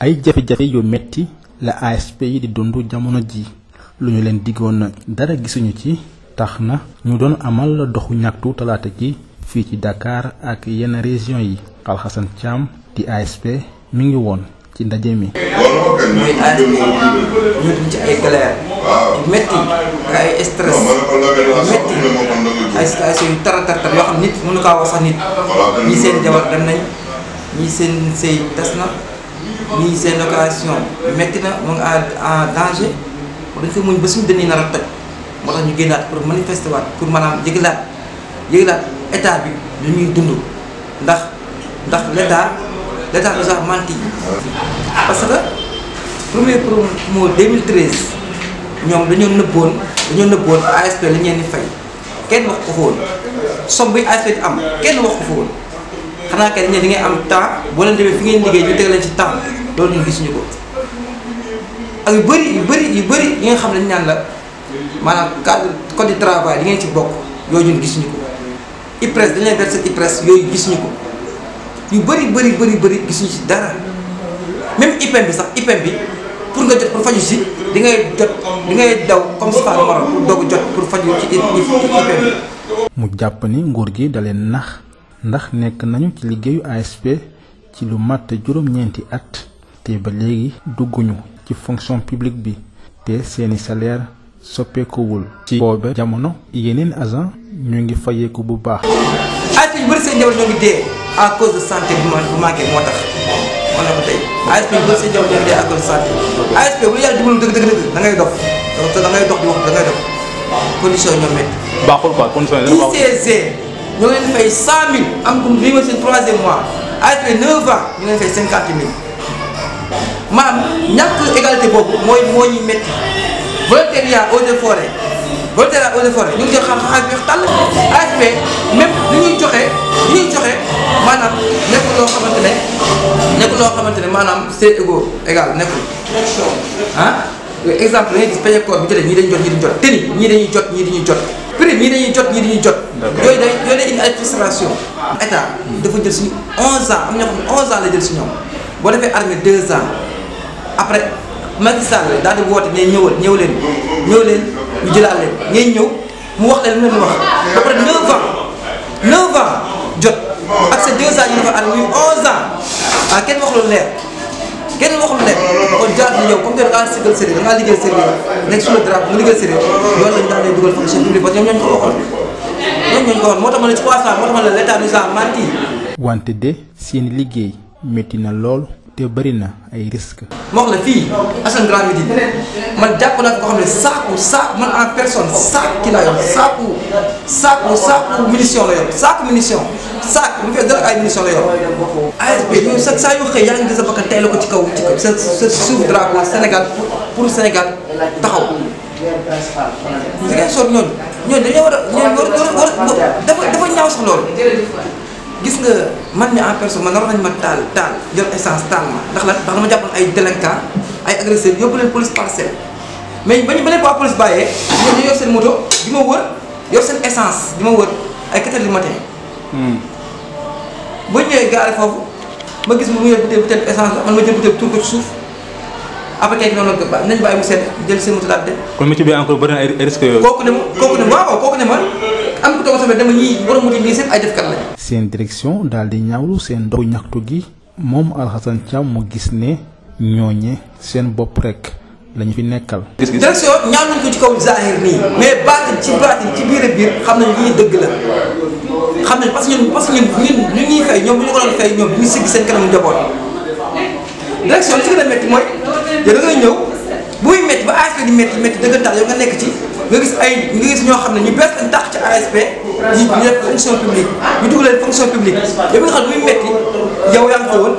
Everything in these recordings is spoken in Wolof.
ay jafe-jafe yu metti la ASP yi di dund jamono ji lu ñu leen diggoon dara gisuñu ci tax na ñu doon amal doxu ñaxtu talaata gi fii ci Dakar ak yenn région yi Alxasan Thiam di ASP mi ngi woon ci ndaje mi. muy aaj ñu ci ay galère yu métti ay stress métti ay situation yu tar tar tar yoo xam nit mënu wax sax nit ñi seen jabar dem ñi seen sëy tas na. nii seen location metti na mu ngi en danger dañ koy muñ ba suñu dënnu nar a toj moo tax ñu génnaat pour manifester waat pour maanaam yëglaat yëglaat état bi lu ñuy dund ndax ndax l' état l' yi nous a menti. parce que premier promo 2013 ñoom dañoo nëbboon dañoo nëbboon a la ñu leen di fay kenn wax ko fa woon somme bi ASP di am kenn wax ko fa woon. xanaa kay dañ di ngay am temps boo leen demee fi ngeen liggéey ñu teg leen ci temps loolu ñu gisuñu ko ak yu yu yu yi nga xam ñaan la code travail di ngeen ci bokk yooyu ñun gisuñu IPRES dañ leen verser IPRES yo gisuñu ko yu bëri bëri bëri bëri gisuñu ci dara même IPM bi sax IPM bi pour nga jot pour faju si di ngay jot di ngay daw comme ça morom pour jot pour faju ci IPM mu ni gi nax ndax nekk nañu ci liggéeyu ASP ci lu mat juróom-ñeenti at te ba léegi dugguñu ci fonction publique bi te seeni salaire soppeekuwul ci boobe jamono yeneen agent ñu ngi fayeeku bu baax ASP yu bëri seen njaboot ñoo ngi dee à cause de santé bu manqué moo tax man na ko tey ASP yu bëri seen njaboot ñoo ngi dee à cause de santé ASP bu yàlla dimbalu dëgg dëgg dëgg da ngay dox di wax da ngay dof condition ñoom métti baaxul quoi condition Nous fait 100 100 000 avons fait 3 troisième mois après 9 ans nous avons fait n'y 000. que égalité pour moi, moi moi volontariat forêt volontariat eaux de forêt Nous ngi jox Nous bi tàll AFP même ñuy ñuy c'est égal exemple da ngay gis paye koor bu jot ñii dañuy jot té ñii dañuy jot ñii dañuy jot prix ñii dañuy jot ñii dañuy jot yooyu day yooyu day indi ay état dafa jël suñu 11 ans am ñoo 11 ans la jël si bo défé armée 2 ans après Macky Sall daal di woote ne ñëwal ñëw leen ñëw leen ñu jëlaat leen ngeen ñëw mu wax leen lu leen wax après 9 ans 9 ans jot ak ces 2 ans ñu defar armée 11 ans ah kenn waxul lu leer kenn wax leer jaadu yow comme que da ngaa sëgal sëriñ da ngaa nekk sur le drapeau mu liggéey sëriñ loolu lañ daan lay dugal fonction publique parce que ñoom ñooñu ko waxoon ñoom ñooñu ko waxoon moo tax ma ne ci trois ans moo tax ma ne l'état nous a wante de seen liggéey metti na lool te bëri na ay risques. ma wax man jàpp naa ko xam ne saaku saaku man en personne saak ki laa yor saaku saaku saaku munition la yor saaku munition. saak bu fekkee dara ay munitions la yor ASP ñoom sa saa yoo xëy yaa ngi gis sa bakkan tey la ko ci kaw ci kaw sa sa suuf drapeau Sénégal pour Sénégal taxaw. li ngay sori ñooñu ñooñu dañoo war a dafa dafa ñaaw sax loolu. gis nga man mi en personne man naroon nañu ma taal taal jël essence taal ma ndax la ndax dama jàppoon ay délinquant ay agresseurs yóbbu leen police parcelle mais ba ñu ba leen waa police bàyyee ñoom ñu yor seen moto bi ma wër yor seen essence di ma wër ay 4 Hmm. bu ñëwee gaare foofu ma gis mu yor butéel butéel essence la man ma jël butéel tur ko ci suuf après kay noonu la nañ bàyyi mu seet jël seen mutuelle dem. kon métier bi encore bëri na ay risques yooyu. kooku ne ma kooku ne waaw kooku ne ma am ku toog sama dama ñii borom mutuelle lii seen ay defkat lañ. seen direction daal di ñaawlu seen doxu ñaxtu gi moom Alxasan Thiam mu gis ne ñooñe seen bopp rek. lañu fi nekkal. direction ñaanuñ ko ci kaw zahir nii mais baatin ci baatin ci biir biir xam nañ lii dëgg la xam nañ parce que ñoom bu ñu ko doon fay ñoom bu ñu sigg seen kanam njaboot direction li ci gën a métti mooy yow da ngay ñëw buy métti ba ASP di métti métti dëggantaan yow nga nekk ci nga gis ay nga gis ñoo xam ne ñu bees tax ci ASP ñu ñu def fonction publique ñu dugaleen fonction publique yow nga xam ne muy métti yow yaa ngi ko woon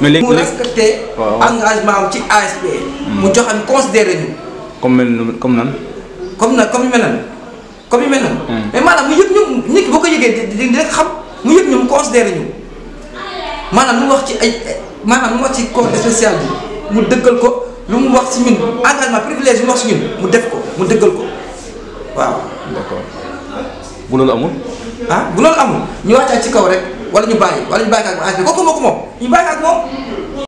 mais léegi mu respecté engagement am ci ASP. Hmm. mu joxan considéré ñu. comme mel comme nan. comme na comme yu mel nan comme yu mel nan. Hmm. mais maanaam mu yëg ñoom nit boo ko yëgee di di xam mu yëg ñoom considéré ñu maanaam mu wax ci ay maanaam mu wax ci corps spécial bi mu dëggal ko lu mu wax si ñun engagement privilège mu wax si ñun mu def ko mu dëggal ko waaw. d'accord bu loolu amul. Ah bu loolu amul ñu wàccaat ci kaw rek wala ñu bàyyi wala ñu bàyyi kaag ba ASP kooku 你卖要东我